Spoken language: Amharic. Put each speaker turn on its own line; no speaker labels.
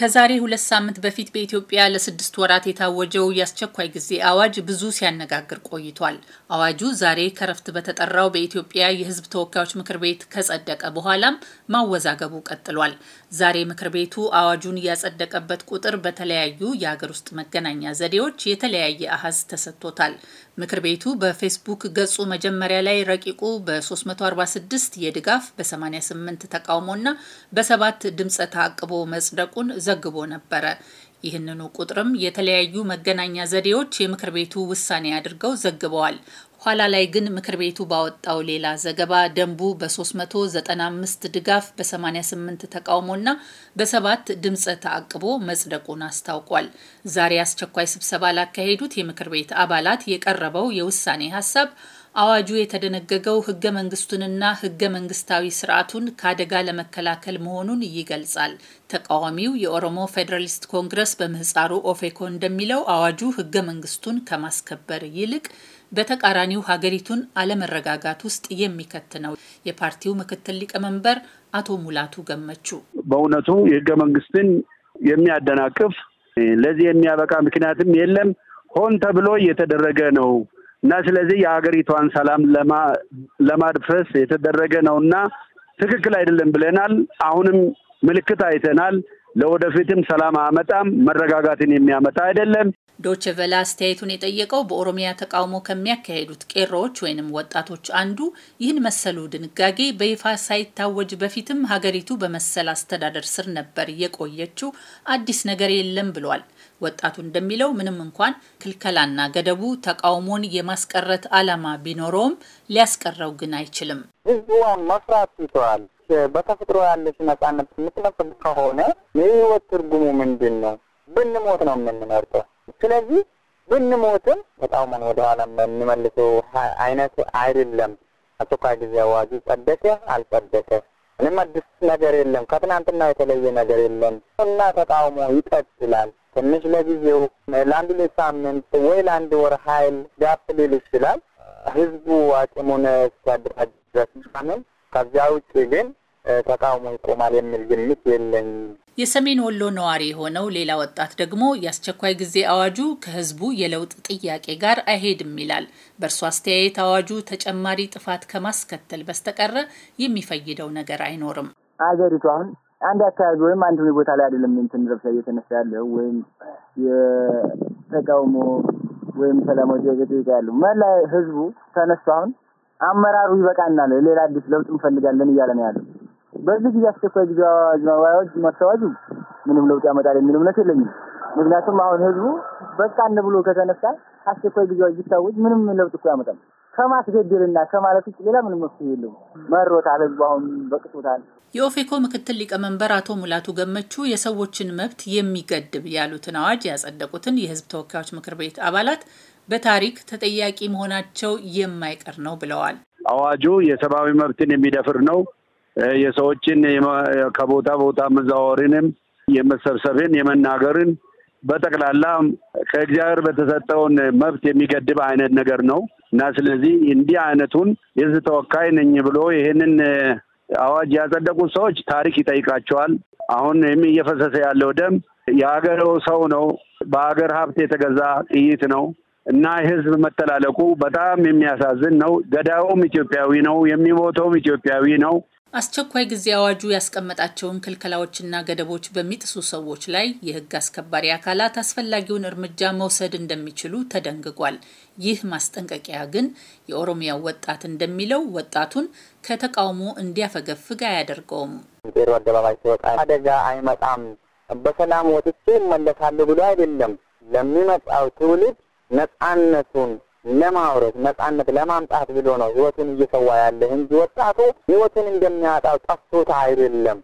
ከዛሬ ሁለት ሳምንት በፊት በኢትዮጵያ ለስድስት ወራት የታወጀው የአስቸኳይ ጊዜ አዋጅ ብዙ ሲያነጋግር ቆይቷል። አዋጁ ዛሬ ከረፍት በተጠራው በኢትዮጵያ የሕዝብ ተወካዮች ምክር ቤት ከጸደቀ በኋላም ማወዛገቡ ቀጥሏል። ዛሬ ምክር ቤቱ አዋጁን ያጸደቀበት ቁጥር በተለያዩ የሀገር ውስጥ መገናኛ ዘዴዎች የተለያየ አሀዝ ተሰጥቶታል። ምክር ቤቱ በፌስቡክ ገጹ መጀመሪያ ላይ ረቂቁ በ346 የድጋፍ በ88 ተቃውሞና በሰባት ድምፀ ተአቅቦ መጽደቁን ዘግቦ ነበረ። ይህንኑ ቁጥርም የተለያዩ መገናኛ ዘዴዎች የምክር ቤቱ ውሳኔ አድርገው ዘግበዋል። ኋላ ላይ ግን ምክር ቤቱ ባወጣው ሌላ ዘገባ ደንቡ በ395 ድጋፍ በ88 ተቃውሞና በሰባት ድምፀ ተአቅቦ መጽደቁን አስታውቋል። ዛሬ አስቸኳይ ስብሰባ ላካሄዱት የምክር ቤት አባላት የቀረበው የውሳኔ ሀሳብ አዋጁ የተደነገገው ህገ መንግስቱንና ህገ መንግስታዊ ስርዓቱን ከአደጋ ለመከላከል መሆኑን ይገልጻል። ተቃዋሚው የኦሮሞ ፌዴራሊስት ኮንግረስ በምህፃሩ ኦፌኮ እንደሚለው አዋጁ ህገ መንግስቱን ከማስከበር ይልቅ በተቃራኒው ሀገሪቱን አለመረጋጋት ውስጥ የሚከት ነው። የፓርቲው ምክትል ሊቀመንበር አቶ ሙላቱ ገመቹ
በእውነቱ የህገ መንግስትን የሚያደናቅፍ ለዚህ የሚያበቃ ምክንያትም የለም ሆን ተብሎ እየተደረገ ነው እና ስለዚህ የሀገሪቷን ሰላም ለማድፈስ የተደረገ ነው እና ትክክል አይደለም ብለናል። አሁንም ምልክት አይተናል። ለወደፊትም ሰላም አመጣም መረጋጋትን የሚያመጣ አይደለም።
ዶች ቨላ አስተያየቱን የጠየቀው በኦሮሚያ ተቃውሞ ከሚያካሄዱት ቄሮዎች ወይንም ወጣቶች አንዱ ይህን መሰሉ ድንጋጌ በይፋ ሳይታወጅ በፊትም ሀገሪቱ በመሰል አስተዳደር ስር ነበር የቆየችው፣ አዲስ ነገር የለም ብሏል። ወጣቱ እንደሚለው ምንም እንኳን ክልከላና ገደቡ ተቃውሞን የማስቀረት ዓላማ ቢኖረውም ሊያስቀረው ግን አይችልም።
ህዝቡ መፍራት ይተዋል። በተፈጥሮ ያለች ነጻነት የምትነፍል ከሆነ የህይወት ትርጉሙ ምንድን ነው? ብንሞት ነው የምንመርጠው። ስለዚህ ብንሞትም ተቃውሞን ወደኋላ የምንመልሰው አይነት አይደለም። አስቸኳይ ጊዜ አዋጁ ጸደቀ አልጸደቀ ምንም አዲስ ነገር የለም። ከትናንትና የተለየ ነገር የለም እና ተቃውሞ ይቀጥላል። ትንሽ ለጊዜው ለአንድ ሁለት ሳምንት ወይ ለአንድ ወር ኃይል ጋፕ ሊል ይችላል። ህዝቡ አቅሙን እስኪያደራጅ ድረስ ምናምን። ከዚያ ውጭ ግን ተቃውሞ ይቆማል የሚል ግምት የለኝም።
የሰሜን ወሎ ነዋሪ የሆነው ሌላ ወጣት ደግሞ የአስቸኳይ ጊዜ አዋጁ ከህዝቡ የለውጥ ጥያቄ ጋር አይሄድም ይላል። በእርሱ አስተያየት አዋጁ ተጨማሪ ጥፋት ከማስከተል በስተቀረ የሚፈይደው ነገር አይኖርም።
አገሪቱ አሁን አንድ አካባቢ ወይም አንድ ቦታ ላይ አይደለም እንትን ረብሻ እየተነሳ ያለው ወይም የተቃውሞ ወይም ሰላማዊ ጥያቄ ያሉ መላ ህዝቡ ተነስቶ አሁን አመራሩ ይበቃናል፣ ሌላ አዲስ ለውጥ እንፈልጋለን እያለ ነው ያለው በዚህ ጊዜ አስቸኳይ ጊዜ አዋጅ አዋጅ ማስታወጁ ምንም ለውጥ ያመጣል የሚል እምነት የለኝም። ምክንያቱም አሁን ህዝቡ በቃን ብሎ ከተነሳ አስቸኳይ ጊዜ አዋጅ ቢታወጅ ምንም ለውጥ እኮ ያመጣል። ከማስገደልና ከማለት ውጭ ሌላ ምንም መፍትሄ የለም። መሮታል፣
ህዝቡ አሁን በቅቶታል። የኦፌኮ ምክትል ሊቀመንበር አቶ ሙላቱ ገመቹ የሰዎችን መብት የሚገድብ ያሉትን አዋጅ ያጸደቁትን የህዝብ ተወካዮች ምክር ቤት አባላት በታሪክ ተጠያቂ መሆናቸው የማይቀር ነው ብለዋል።
አዋጁ የሰብአዊ መብትን የሚደፍር ነው የሰዎችን ከቦታ ቦታ መዛወርንም የመሰብሰብን የመናገርን በጠቅላላ ከእግዚአብሔር በተሰጠውን መብት የሚገድብ አይነት ነገር ነው እና ስለዚህ እንዲህ አይነቱን የህዝብ ተወካይ ነኝ ብሎ ይህንን አዋጅ ያጸደቁት ሰዎች ታሪክ ይጠይቃቸዋል። አሁን እየፈሰሰ ያለው ደም የሀገር ሰው ነው፣ በሀገር ሀብት የተገዛ ጥይት ነው እና ህዝብ መተላለቁ በጣም የሚያሳዝን ነው። ገዳዩም ኢትዮጵያዊ ነው፣ የሚሞተውም ኢትዮጵያዊ ነው።
አስቸኳይ ጊዜ አዋጁ ያስቀመጣቸውን ክልከላዎችና ገደቦች በሚጥሱ ሰዎች ላይ የሕግ አስከባሪ አካላት አስፈላጊውን እርምጃ መውሰድ እንደሚችሉ ተደንግጓል። ይህ ማስጠንቀቂያ ግን የኦሮሚያ ወጣት እንደሚለው ወጣቱን ከተቃውሞ እንዲያፈገፍግ አያደርገውም።
ዜሮ አደባባይ ሲወጣ አደጋ አይመጣም፣ በሰላም ወጥቼ እመለሳለሁ ብሎ አይደለም። ለሚመጣው ትውልድ ነፃነቱን ለማውረድ ነጻነት ለማምጣት ብሎ ነው ህይወቱን እየሰዋ ያለ እንጂ ወጣቱ ህይወቱን እንደሚያጣው ጠፍቶት አይደለም።